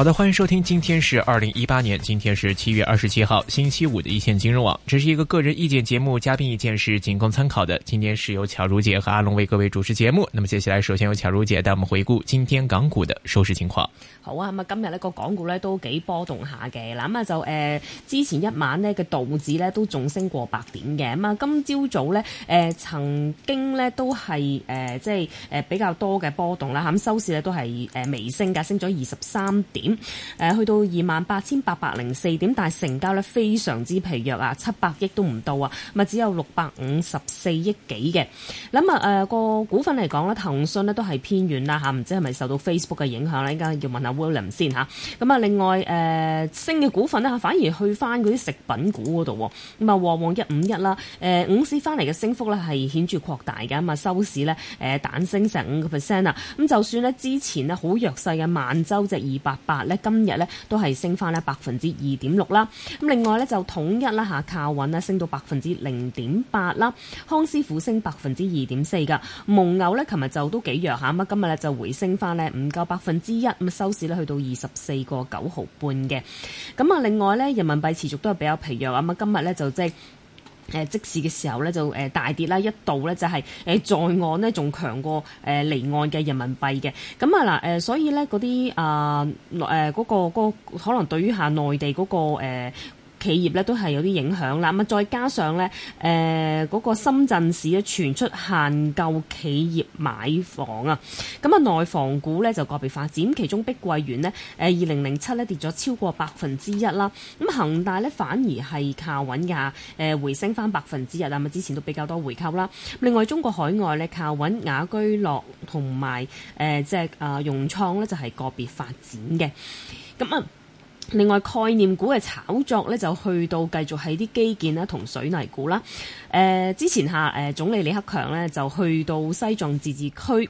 好的，歡迎收聽，今天是二零一八年，今天是七月二十七號，星期五的一線金融網，這是一個個人意見節目，嘉賓意見是僅供參考的。今天是由巧茹姐和阿龍為各位主持節目。那麼接下來，首先由巧茹姐帶我們回顧今天港股的收市情況。好啊，咁啊今日呢個港股咧都幾波動下嘅，嗱咁啊就誒、呃、之前一晚呢個道指咧都仲升過百點嘅，咁、嗯、啊今朝早咧誒、呃、曾經咧都係誒、呃、即係誒、呃、比較多嘅波動啦，咁收市咧都係誒微升噶，升咗二十三點。誒，去到二萬八千八百零四點，但係成交咧非常之疲弱啊，七百億都唔到啊，咪只有六百五十四億幾嘅。咁啊，誒、呃、這個股份嚟講咧，騰訊咧都係偏軟啦吓，唔知係咪受到 Facebook 嘅影響咧？依家要問下 William 先吓。咁啊，另外誒、呃、升嘅股份咧，反而去翻嗰啲食品股嗰度，咁啊旺旺一、呃、五一啦，誒，午市翻嚟嘅升幅咧係顯著擴大嘅，咁啊收市呢，誒、呃、彈升成五個 percent 啊。咁就算咧之前咧好弱勢嘅萬洲即二百八。咧今日咧都係升翻咧百分之二點六啦，咁另外咧就統一啦吓靠穩咧升到百分之零點八啦，康師傅升百分之二點四噶，蒙牛咧琴日就都幾弱下，咁啊今日咧就回升翻咧唔夠百分之一，咁啊收市咧去到二十四個九毫半嘅，咁啊另外咧人民幣持續都係比較疲弱，咁啊今日咧就即係。誒，即時嘅時候咧，就誒大跌啦，一度咧就係誒在岸咧仲強過誒離岸嘅人民幣嘅，咁啊嗱誒，所以咧嗰啲啊誒，誒嗰、呃嗰個嗰、嗰個嗰個、可能對於下內地嗰、嗰個誒。呃企業咧都係有啲影響啦，咁啊再加上咧，誒、呃、嗰、那個深圳市咧傳出限購企業買房啊，咁啊內房股咧就個別發展，其中碧桂園呢，誒二零零七咧跌咗超過百分之一啦，咁、啊、恒大咧反而係靠穩亞誒回升返百分之一啊，咁之前都比較多回購啦、啊，另外中國海外咧靠穩雅居樂同埋誒即係啊融創咧就係個別發展嘅，咁啊。另外概念股嘅炒作咧，就去到繼續喺啲基建啦同水泥股啦。誒、呃、之前吓，誒總理李克強咧就去到西藏自治區。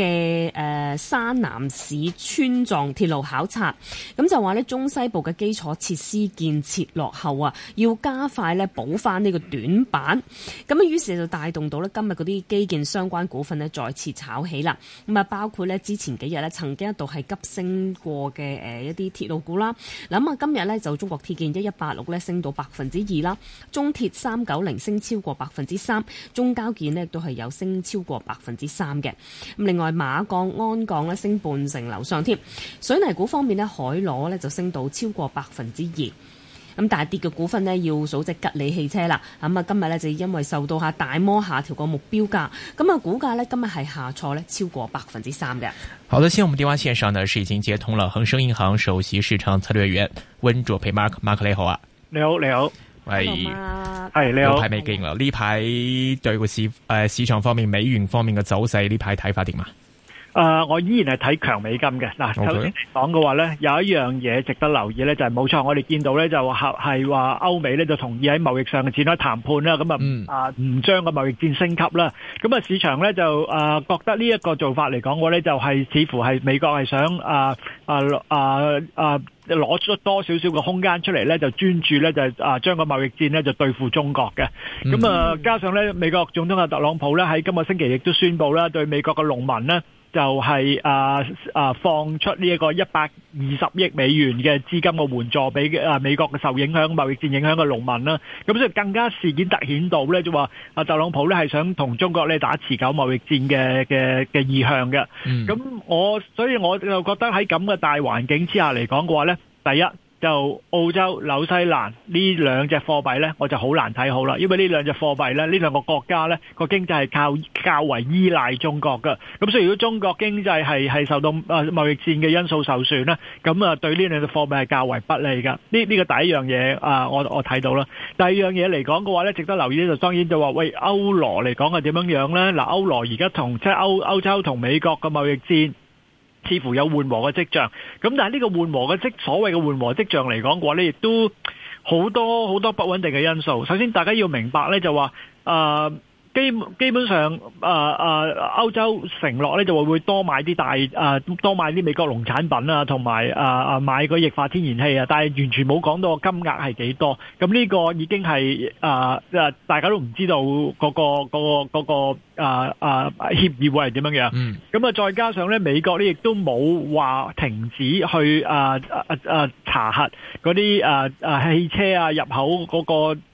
嘅誒、呃，山南市川藏鐵路考察，咁就話咧中西部嘅基礎設施建設落後啊，要加快咧補翻呢個短板。咁啊，於是，就帶動到咧今日嗰啲基建相關股份咧再次炒起啦。咁啊，包括咧之前幾日咧曾經一度係急升過嘅，誒一啲鐵路股啦。嗱咁啊，今日咧就中國鐵建一一八六咧升到百分之二啦，中鐵三九零升超過百分之三，中交建咧都係有升超過百分之三嘅。咁另外，馬鋼、鞍鋼咧升半成樓上，添水泥股方面咧，海螺咧就升到超過百分之二。咁大跌嘅股份咧，要數只吉利汽車啦。咁啊，今日咧就因為受到下大摩下調個目標價，咁啊股價咧今日係下挫咧超過百分之三嘅。好的，先我們電話線上呢是已經接通了恒生銀行首席市場策略員溫灼培 Mark，Mark 你好啊，你好，你好。係，係喂你好。呢排未見啦。呢排對個市誒、呃、市場方面、美元方面嘅走勢，呢排睇法點呀？誒，uh, 我依然係睇強美金嘅。嗱，頭先嚟講嘅話咧，有一樣嘢值得留意呢，就係冇錯，我哋見到呢，就係話係歐美呢，就同意喺貿易上嘅展開談判啦。咁啊啊唔將個貿易戰升級啦。咁啊、mm. 市場呢，就啊覺得呢一個做法嚟講嘅話呢，就係、是、似乎係美國係想啊啊啊啊攞出多少少嘅空間出嚟呢，就專注呢，就啊將個貿易戰呢，就對付中國嘅。咁啊、mm. 加上呢，美國總統啊特朗普呢，喺今日星期亦都宣布啦，對美國嘅農民呢。就係啊啊放出呢一個一百二十億美元嘅資金嘅援助俾啊美國嘅受影響貿易戰影響嘅農民啦，咁所以更加事件凸顯到咧，就話啊特朗普咧係想同中國咧打持久貿易戰嘅嘅嘅意向嘅，咁我所以我就覺得喺咁嘅大環境之下嚟講嘅話咧，第一。就澳洲紐西蘭呢兩隻貨幣呢，我就好難睇好啦，因為呢兩隻貨幣呢，呢兩個國家呢個經濟係較較為依賴中國噶，咁所以如果中國經濟係係受到誒貿易戰嘅因素受損咧，咁啊對呢兩隻貨幣係較為不利噶。呢呢個第一樣嘢啊，我我睇到啦。第二樣嘢嚟講嘅話呢，值得留意呢。就當然就話喂歐羅嚟講係點樣樣呢？嗱，歐羅而家同即係歐歐洲同美國嘅貿易戰。似乎有緩和嘅跡象，咁但係呢個緩和嘅，即所謂嘅緩和跡象嚟講嘅話呢，亦都好多好多不穩定嘅因素。首先，大家要明白呢，就話誒基基本上誒誒、呃、歐洲承諾呢，就會會多買啲大誒、呃、多買啲美國農產品啊，同埋誒誒買個液化天然氣啊，但係完全冇講到金額係幾多，咁呢個已經係誒誒大家都唔知道嗰個嗰嗰個。嗰個嗰個啊啊協議會係點樣樣，嗯，咁啊，再加上咧，美國咧亦都冇話停止去啊啊啊查核嗰啲啊啊汽車啊入口嗰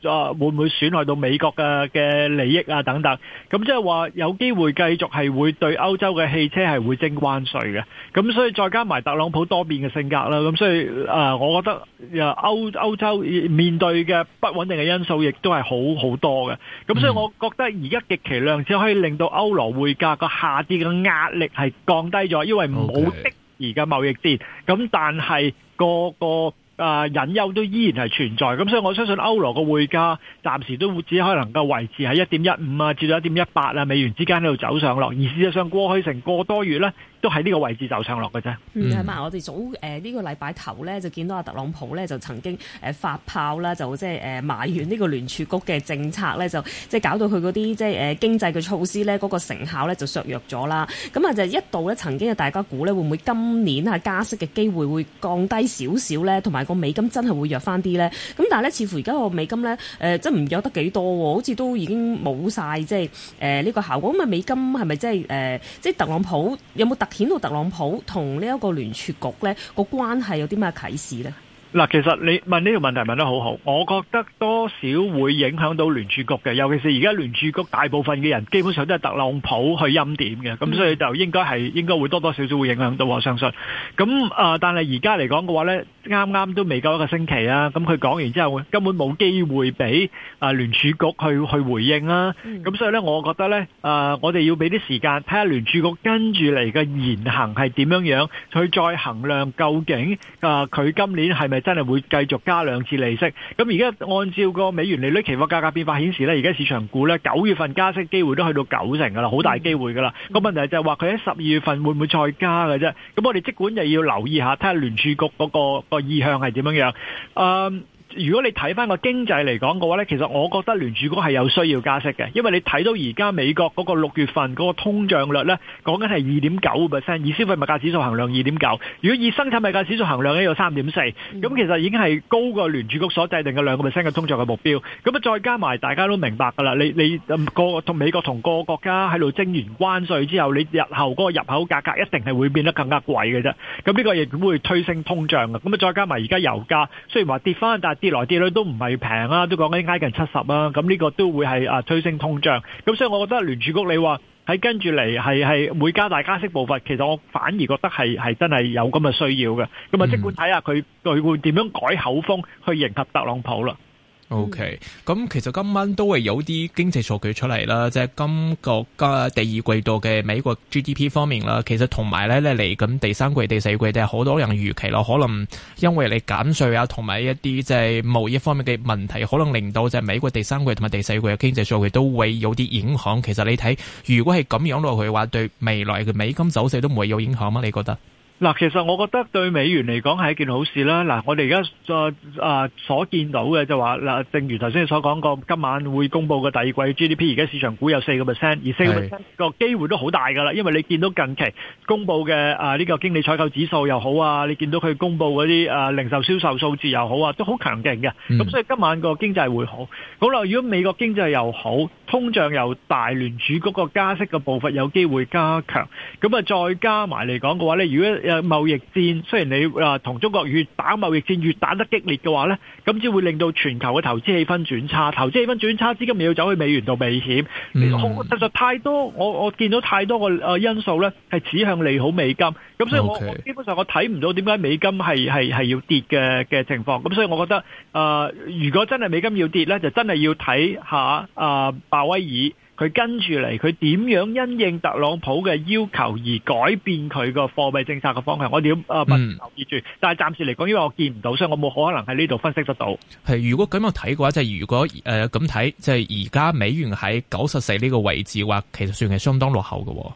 個，啊會唔會損害到美國嘅嘅利益啊等等？咁即係話有機會繼續係會對歐洲嘅汽車係會徵關稅嘅。咁所以再加埋特朗普多變嘅性格啦，咁所以啊，我覺得誒歐歐洲面對嘅不穩定嘅因素亦都係好好多嘅。咁所以我覺得而家極其量只可以，令到歐羅匯價個下跌嘅壓力係降低咗，因為冇的而家貿易戰。咁 Okay. 但係個個啊隱憂都依然係存在，咁所以我相信歐羅個匯價暫時都只可能夠維持喺一點一五啊至到一點一八啊美元之間喺度走上落，而事實上過去成個多月呢，都喺呢個位置就上落嘅啫。係嘛？Mm. 嗯，咁我哋早誒、呃這個、呢個禮拜頭咧，就見到阿特朗普咧就曾經誒發炮啦，就即係誒埋怨呢個聯儲局嘅政策咧，就即係搞到佢嗰啲即係誒經濟嘅措施咧，嗰、那個成效咧就削弱咗啦。咁、嗯、啊，就是、一度咧曾經大家估咧會唔會今年啊加息嘅機會會降低少少咧，同埋個美金真係會弱翻啲咧。咁但係咧，似乎而家個美金咧誒、呃，真唔弱得幾多，好似都已經冇晒。即係誒呢個效果。咁啊，美金係咪即係誒、呃、即係特朗普有冇特？顯到特朗普同呢一個聯儲局咧個關係有啲咩啟示咧？嗱，其實你問呢條問題問得好好，我覺得多少會影響到聯儲局嘅，尤其是而家聯儲局大部分嘅人基本上都係特朗普去欽點嘅，咁所以就應該係應該會多多少少會影響到，我相信。咁啊，但係而家嚟講嘅話咧，啱啱都未夠一個星期啦，咁佢講完之後根本冇機會俾啊聯儲局去去回應啦。咁所以咧，我覺得咧，啊，我哋要俾啲時間睇下聯儲局跟住嚟嘅言行係點樣樣去再衡量究竟啊佢今年係咪，真係會繼續加兩次利息，咁而家按照個美元利率期貨價格變化顯示呢，而家市場估呢，九月份加息機會都去到九成㗎啦，好大機會㗎啦。個、嗯、問題就係話佢喺十二月份會唔會再加㗎啫？咁我哋即管又要留意下，睇下聯儲局嗰個個意向係點樣樣。嗯、um。如果你睇翻個經濟嚟講嘅話呢，其實我覺得聯儲局係有需要加息嘅，因為你睇到而家美國嗰個六月份嗰個通脹率呢，講緊係二點九 percent，以消費物價指數衡量二點九，如果以生產物價指數衡量呢有三點四，咁其實已經係高過聯儲局所制定嘅兩個 percent 嘅通脹嘅目標。咁啊，再加埋大家都明白㗎啦，你你個同美國同各個國家喺度徵完關稅之後，你日後嗰個入口價格一定係會變得更加貴嘅。啫。咁呢個亦會推升通脹㗎。咁啊，再加埋而家油價雖然話跌翻，但係。跌嚟跌去都唔係平啦，都講緊挨近七十啦，咁呢個都會係啊推升通脹，咁所以我覺得聯儲局你話喺跟住嚟係係會加大加息步伐，其實我反而覺得係係真係有咁嘅需要嘅，咁啊即管睇下佢佢會點樣改口風去迎合特朗普啦。 O K，咁其實今晚都會有啲經濟數據出嚟啦，即係今個加第二季度嘅美國 G D P 方面啦。其實同埋咧，咧嚟緊第三季、第四季，都係好多人預期咯。可能因為你減稅啊，同埋一啲即係貿易方面嘅問題，可能令到即係美國第三季同埋第四季嘅經濟數據都會有啲影響。其實你睇，如果係咁樣落去嘅話，對未來嘅美金走勢都唔會有影響嗎，啊？你覺得？嗱，其實我覺得對美元嚟講係一件好事啦。嗱，我哋而家啊啊所見到嘅就話，嗱，正如頭先你所講過，今晚會公布個第二季 GDP，而家市場估有四個 percent，而四個 percent 個機會都好大噶啦。因為你見到近期公布嘅啊呢個經理採購指數又好啊，你見到佢公布嗰啲啊零售銷售，售數字又好啊，都好強勁嘅。咁、嗯、所以今晚個經濟會好。好啦，如果美國經濟又好，通脹又大，聯儲局嗰個加息嘅步伐有機會加強。咁啊，再加埋嚟講嘅話咧，你如果誒貿易戰，雖然你話同中國越打貿易戰越打得激烈嘅話呢，咁只會令到全球嘅投資氣氛轉差，投資氣氛轉差，資金咪要走去美元度避險、嗯。其實太多，我我見到太多個誒因素呢係指向利好美金。咁所以我，Okay. 我基本上我睇唔到點解美金係係係要跌嘅嘅情況。咁所以我覺得誒、呃，如果真係美金要跌呢，就真係要睇下啊、呃，鮑威爾。佢跟住嚟，佢點樣因應特朗普嘅要求而改變佢個貨幣政策嘅方向？我哋要啊，密切留意住。嗯、但係暫時嚟講，因為我見唔到，所以我冇可能喺呢度分析得到。係，如果咁樣睇嘅話，即、就、係、是、如果誒咁睇，即係而家美元喺九十四呢個位置話，話其實算係相當落後嘅、哦。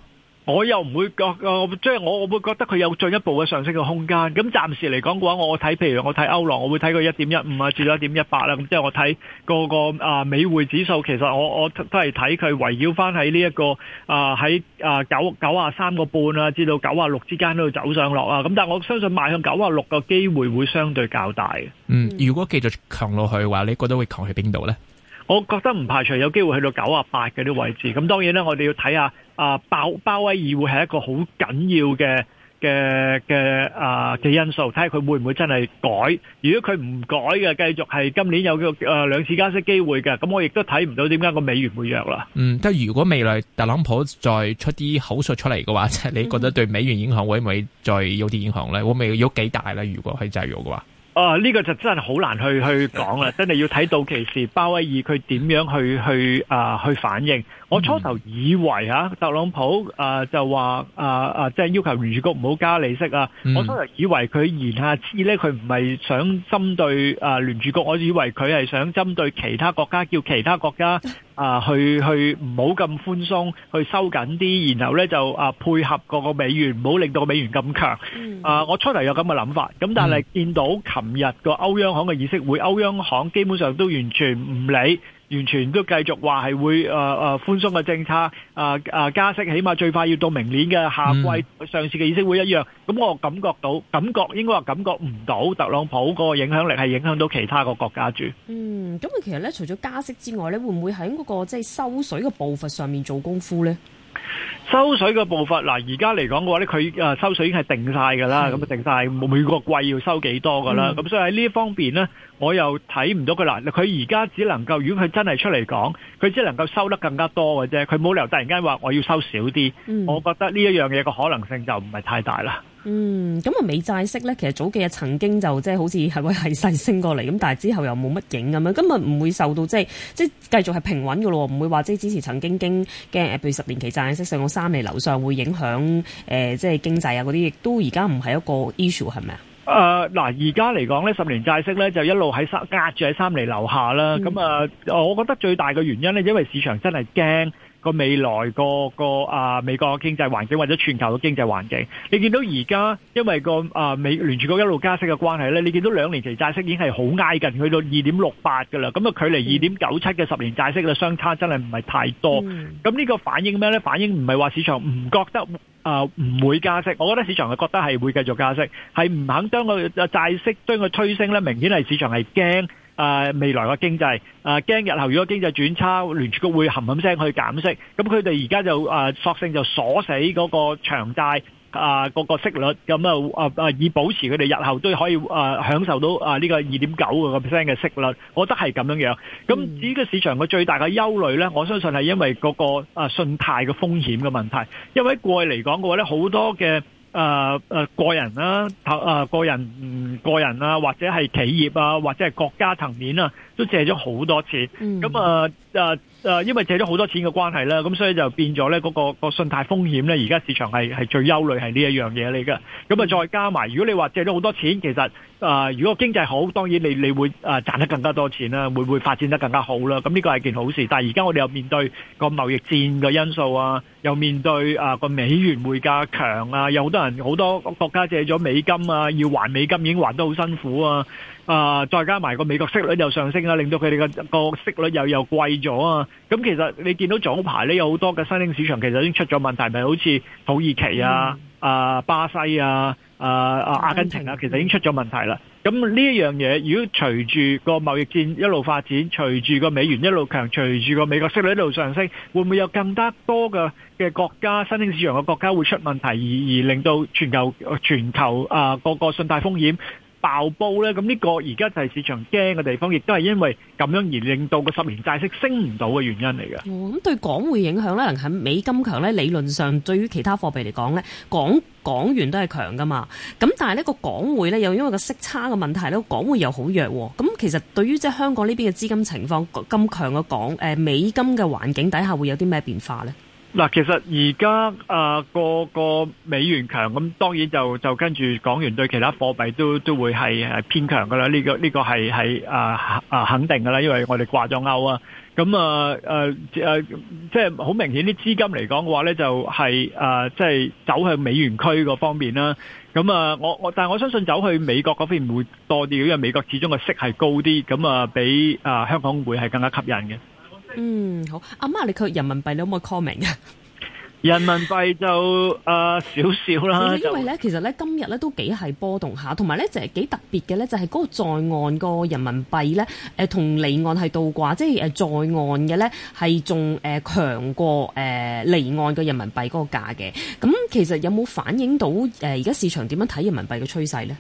我又唔會覺，即係我我會覺得佢有進一步嘅上升嘅空間。咁暫時嚟講嘅話，我睇譬如我睇歐羅，我會睇佢一點一五啊，至到一點一八啦。咁即係我睇個個啊美匯指數，其實我我都係睇佢圍繞翻喺呢一個啊喺啊九九啊三個半啊，呃、至到九啊六之間都要走上落啊。咁但係我相信邁向九啊六嘅機會會相對較大。嗯，如果繼續強落去嘅話，你覺得會強去邊度呢？我覺得唔排除有機會去到九啊八嘅啲位置。咁當然啦，我哋要睇下啊，爆、呃、鮑威爾會係一個好緊要嘅嘅嘅啊嘅因素，睇下佢會唔會真係改。如果佢唔改嘅，繼續係今年有個啊、呃、兩次加息機會嘅，咁我亦都睇唔到點解個美元會弱啦。嗯，即係如果未來特朗普再出啲口術出嚟嘅話，即係你覺得對美元影響會唔會再有啲影響咧？我未 有幾大咧？如果係製造嘅話？啊！呢個就真係好難去去講啦，真係要睇到期時，鮑威爾佢點樣去去啊、呃、去反應。我初頭以為啊特朗普誒就話誒誒，即係要求聯儲局唔好加利息啊！我初頭以為佢言下之意咧，佢唔係想針對誒聯儲局，我以為佢係想針對其他國家，叫其他國家啊去去唔好咁寬鬆，去收緊啲，然後咧就啊配合個個美元，唔好令到美元咁強。啊，我初頭有咁嘅諗法，咁但係見到琴日個歐央行嘅議息會，歐央行基本上都完全唔理。完全都繼續話係會誒誒寬鬆嘅政策，誒誒加息，起碼最快要到明年嘅夏季上市嘅意思會一樣。咁我感覺到，感覺應該話感覺唔到特朗普嗰個影響力係影響到其他個國家住。嗯，咁啊，其實咧，除咗加息之外，咧會唔會喺嗰個即係收水嘅步伐上面做功夫咧？收水嘅步伐嗱，而家嚟講嘅話咧，佢誒收水已經係定曬㗎啦，咁啊定曬每每個季要收幾多㗎啦，咁所以喺呢一方面咧。我又睇唔到佢啦，佢而家只能夠，如果佢真係出嚟講，佢只能夠收得更加多嘅啫，佢冇理由突然間話我要收少啲。嗯、我覺得呢一樣嘢個可能性就唔係太大啦。嗯，咁啊，美債息咧，其實早幾日曾經就即係好似係會係細升過嚟，咁但係之後又冇乜影咁樣，咁咪唔會受到即係即係繼續係平穩嘅咯，唔會話即係之前曾經驚驚誒，譬如十年期債息上到三厘樓上，會影響誒、呃、即係經濟啊嗰啲，亦都而家唔係一個 issue 係咪啊？誒嗱，而家嚟講咧，十年債息咧就一路喺三壓住喺三厘樓下啦。咁、嗯、啊，我覺得最大嘅原因咧，因為市場真係驚。個未來個個啊美國經濟環境或者全球嘅經濟環境，你見到而家因為個啊美聯儲局一路加息嘅關係咧，你見到兩年期債息已經係好挨近去到二點六八㗎啦，咁啊，距離二點九七嘅十年債息啦，相差真係唔係太多，咁呢、嗯、個反映咩咧？反映唔係話市場唔覺得啊唔、呃、會加息，我覺得市場係覺得係會繼續加息，係唔肯將個債息將佢推升咧，明顯係市場係驚。誒、啊、未來嘅經濟，誒、啊、驚日後如果經濟轉差，聯儲局會冚冚聲去減息，咁佢哋而家就誒、啊、索性就鎖死嗰個長債啊、嗰個息率，咁啊誒誒以保持佢哋日後都可以誒、啊、享受到啊呢、呢個二點九個 percent 嘅息率，我覺得係咁樣樣。咁至於個市場嘅最大嘅憂慮咧，我相信係因為嗰、嗰個、啊、信貸嘅風險嘅問題，因為過去嚟講嘅話咧，好多嘅。誒誒、呃呃，個人啦，誒、呃、個人、嗯、個人啦，或者係企業啊，或者係國家層面啊，都借咗好多錢。咁啊誒誒，因為借咗好多錢嘅關係啦，咁、嗯、所以就變咗咧、嗰個，嗰、嗰個、嗰個信貸風險咧，而家市場係係最憂慮係呢一樣嘢嚟㗎。咁啊，再加埋，如果你話借咗好多錢，其實。啊、呃！如果經濟好，當然你你會啊、呃、賺得更加多錢啦、啊，會唔會發展得更加好啦、啊？咁呢個係件好事。但係而家我哋又面對個貿易戰嘅因素啊，又面對啊個、呃、美元匯價強啊，有好多人好多國家借咗美金啊，要還美金已經還得好辛苦啊。啊！再加埋個美國息率又上升啦，令到佢哋個個息率又又貴咗啊！咁其實你見到早排呢有好多嘅新興市場其實已經出咗問題，咪好似土耳其啊、啊巴西啊、啊啊阿根廷啊，其實已經出咗問題啦。咁呢一樣嘢，如果隨住個貿易戰一路發展，隨住個美元一路強，隨住個美國息率一路上升，會唔會有更加多嘅嘅國家、新興市場嘅國家會出問題，而而令到全球全球啊個個信貸風險？爆煲呢？咁、這、呢個而家就係市場驚嘅地方，亦都係因為咁樣而令到個十年債息升唔到嘅原因嚟嘅。咁、哦、對港匯影響呢？喺美金強呢，理論上對於其他貨幣嚟講呢，港港元都係強噶嘛咁但係呢個港匯呢，又因為個息差嘅問題咧，港匯又好弱。咁其實對於即係香港呢邊嘅資金情況咁強嘅港誒、呃、美金嘅環境底下，會有啲咩變化呢？嗱，其實而家啊個個美元強，咁當然就就跟住港元對其他貨幣都都會係係偏強噶啦，呢個呢個係係啊啊肯定噶啦，因為我哋掛咗鈎啊，咁啊誒誒、啊，即係好明顯啲資金嚟講嘅話咧，就係誒即係走向美元區嗰方面啦。咁啊，我我但係我相信走去美國嗰邊會多啲，因為美國始終個息係高啲，咁啊比啊香港會係更加吸引嘅。嗯，好，阿媽你佢人民幣你可唔可以 comment 啊？人民幣就誒少少啦，因為咧就其實咧今日咧都幾係波動下，同埋咧就係幾特別嘅咧，就係、是、嗰個在岸個人民幣咧誒同離岸係倒掛，即係誒在岸嘅咧係仲誒強過誒離、呃、岸嘅人民幣嗰個價嘅。咁其實有冇反映到誒而家市場點樣睇人民幣嘅趨勢咧？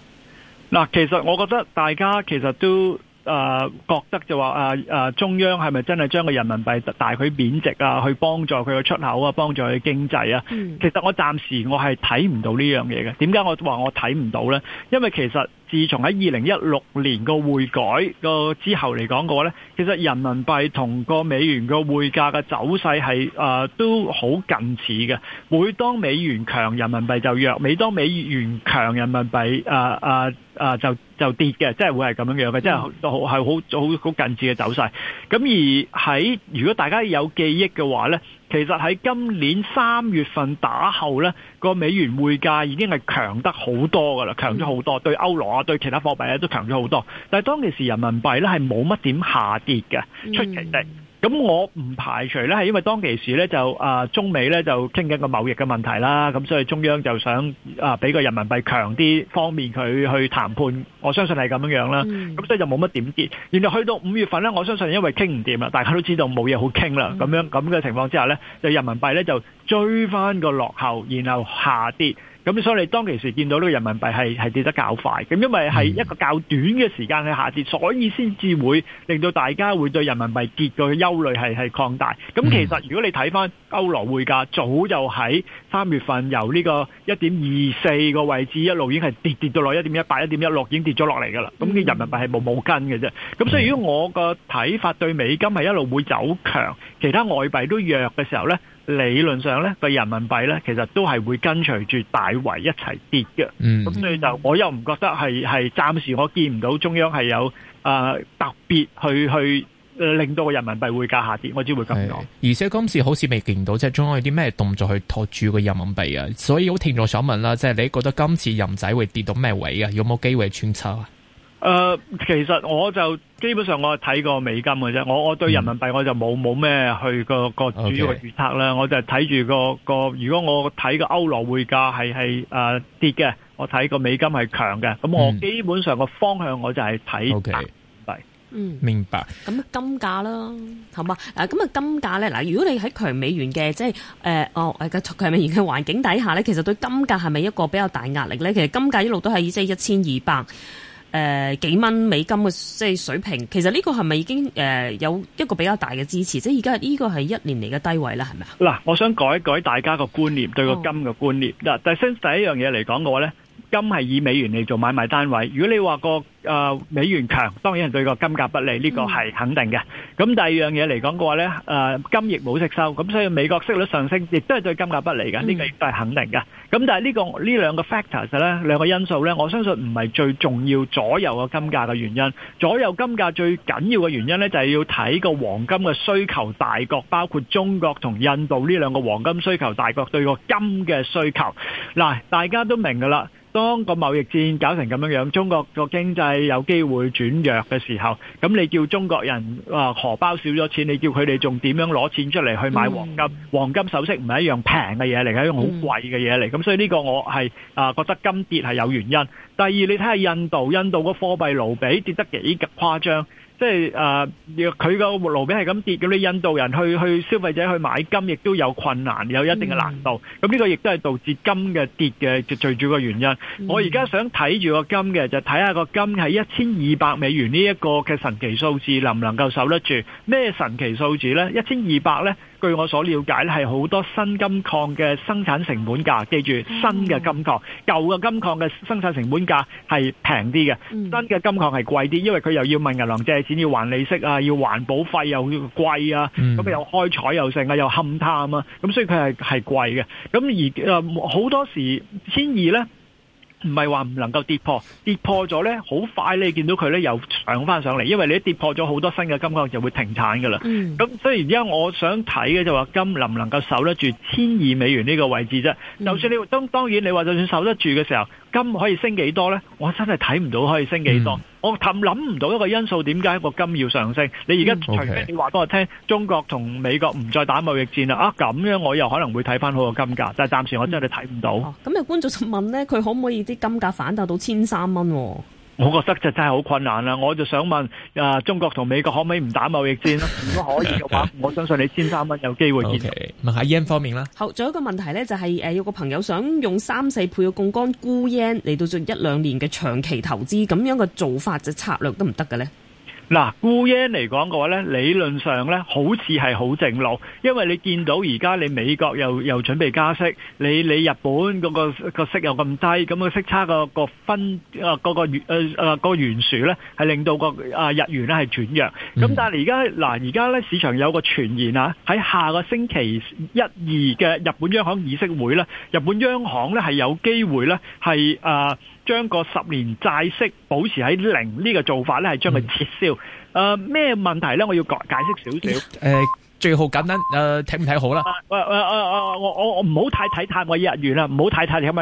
嗱，其實我覺得大家其實都。誒、呃，覺得就話誒誒，中央係咪真係將個人民幣大舉貶值啊，去幫助佢嘅出口啊，幫助佢經濟啊？其實我暫時我係睇唔到呢樣嘢嘅。點解我話我睇唔到咧？因為其實。自從喺二零一六年個匯改個之後嚟講嘅話呢，其實人民幣同個美元個匯價嘅走勢係誒、呃、都好近似嘅。每當美元強，人民幣就弱；每當美元強，人民幣誒誒誒就就跌嘅，即係會係咁樣樣嘅，即係好係好好近似嘅走勢。咁而喺如果大家有記憶嘅話呢。其實喺今年三月份打後呢，個美元匯價已經係強得好多㗎喇，強咗好多，對歐羅啊，對其他貨幣咧、啊、都強咗好多。但係當其時人民幣呢係冇乜點下跌嘅，嗯、出奇地。咁我唔排除呢，係因為當其時呢，就啊、呃、中美呢，就傾緊個貿易嘅問題啦，咁所以中央就想啊俾個人民幣強啲，方便佢去談判。我相信係咁樣樣啦，咁、嗯、所以就冇乜點跌。然後去到五月份呢，我相信因為傾唔掂啦，大家都知道冇嘢好傾啦，咁、嗯、樣咁嘅情況之下呢，就人民幣呢，就追翻個落後，然後下跌。咁所以你當其時見到呢個人民幣係係跌得較快，咁因為係一個較短嘅時間去下跌，所以先至會令到大家會對人民幣結局嘅憂慮係係擴大。咁其實如果你睇返歐羅匯價，早就喺三月份由呢個一點二四個位置一路已經係跌跌到落一點一八、一點一六，已經跌咗落嚟㗎啦。咁嘅人民幣係冇冇根嘅啫。咁所以如果我個睇法對美金係一路會走強，其他外幣都弱嘅時候呢。理論上咧，個人民幣咧，其實都係會跟隨住大圍一齊跌嘅。咁你以就我又唔覺得係，係暫時我見唔到中央係有啊、呃、特別去去令到個人民幣匯價下跌，我只會咁講。而且今次好似未見到即係中央有啲咩動作去托住個人民幣啊。所以有聽眾想問啦，即係你覺得今次人仔會跌到咩位啊？有冇機會穿七啊？誒、呃，其實我就基本上我睇過美金嘅啫。我我對人民幣我就冇冇咩去個個主要嘅預測啦。Okay. 我就睇住個個。如果我睇個歐羅匯價係係誒跌嘅，我睇個美金係強嘅。咁我基本上個方向我就係睇幣。Okay. 嗯，明白。咁金價啦，好嘛？咁啊，金價咧嗱，如果你喺強美元嘅，即係誒、呃，哦誒強美元嘅環境底下咧？其實對金價係咪一個比較大壓力咧？其實金價一路都係即係一千二百。誒、呃，幾蚊美金嘅即係水平，其實呢個係咪已經誒、呃、有一個比較大嘅支持？即係而家呢個係一年嚟嘅低位啦，係咪啊？嗱、呃，我想改一改大家個觀念，對個金嘅觀念。嗱，首先第一樣嘢嚟講嘅話咧，金係以美元嚟做買賣單位。如果你話個誒美元強，當然對個金價不利，呢個係肯定嘅。咁第二樣嘢嚟講嘅話咧，誒金亦冇息收，咁所以美國息率上升，亦都係對金價不利嘅，呢個亦都係肯定嘅。咁但係呢個呢兩個 factor 咧，兩個因素咧，我相信唔係最重要左右個金價嘅原因。左右金價最緊要嘅原因咧，就係要睇個黃金嘅需求大國，包括中國同印度呢兩個黃金需求大國對個金嘅需求。嗱，大家都明㗎啦。當個貿易戰搞成咁樣樣，中國個經濟有機會轉弱嘅時候，咁你叫中國人啊荷包少咗錢，你叫佢哋仲點樣攞錢出嚟去買黃金？嗯、黃金首飾唔係一樣平嘅嘢嚟，係一種好貴嘅嘢嚟。咁所以呢個我係啊覺得金跌係有原因。第二，你睇下印度，印度個貨幣盧比跌得幾咁誇張。即係誒，佢個盧比係咁跌，咁啲印度人去去消費者去買金，亦都有困難，有一定嘅難度。咁呢、嗯、個亦都係導致金嘅跌嘅最主要嘅原因。嗯、我而家想睇住個金嘅，就睇下個金係一千二百美元呢一個嘅神奇數字，能唔能夠守得住？咩神奇數字呢？一千二百呢？據我所了解咧，係好多新金礦嘅生產成本價，記住新嘅金礦、舊嘅金礦嘅生產成本價係平啲嘅，新嘅金礦係貴啲，因為佢又要問銀行借錢要還利息啊，要環保費又要貴啊，咁佢、嗯、又開採又成啊，又勘探啊，咁所以佢係係貴嘅。咁而誒好多時千二呢。唔係話唔能夠跌破，跌破咗呢，好快你見到佢呢又上翻上嚟，因為你一跌破咗，好多新嘅金礦就會停產噶啦。咁、嗯、雖然而家我想睇嘅就話金能唔能夠守得住千二美元呢個位置啫，就算你當、嗯、當然你話就算守得住嘅時候。金可以升幾多呢？我真係睇唔到可以升幾多，嗯、我冚諗唔到一個因素點解一個金要上升。你而家除非你話俾我聽，嗯 okay. 中國同美國唔再打貿易戰啦，啊咁樣我又可能會睇翻好個金價，但係暫時我真係睇唔到。咁、嗯嗯、有觀眾就問呢，佢可唔可以啲金價反彈到千三蚊？我覺得就真係好困難啦！我就想問，啊中國同美國可唔可以唔打貿易戰咧？ 如果可以嘅話，我相信你千三蚊有機會見到。Okay，問下 yen 方面啦。好，仲有一個問題咧，就係、是、誒有個朋友想用三四倍嘅槓桿沽 yen 嚟到做一兩年嘅長期投資，咁樣嘅做法就策略得唔得嘅咧？嗱，固耶嚟講嘅話咧，理論上咧好似係好正路，因為你見到而家你美國又又準備加息，你你日本嗰個個息又咁低，咁個息差個個分啊個個元啊啊個懸殊咧係令到個啊日元咧係轉弱，咁但係而家嗱而家咧市場有個傳言啊，喺下個星期一二嘅日本央行議息會咧，日本央行咧係有機會咧係啊，將個十年債息保持喺零呢個做法咧，係將佢撤銷。誒，咩問題咧？我要解解釋少少。誒，最好簡單。誒，睇唔睇好啦？誒誒誒誒，我我我唔好太睇淡我嘅日元啦，唔好太睇你係咪？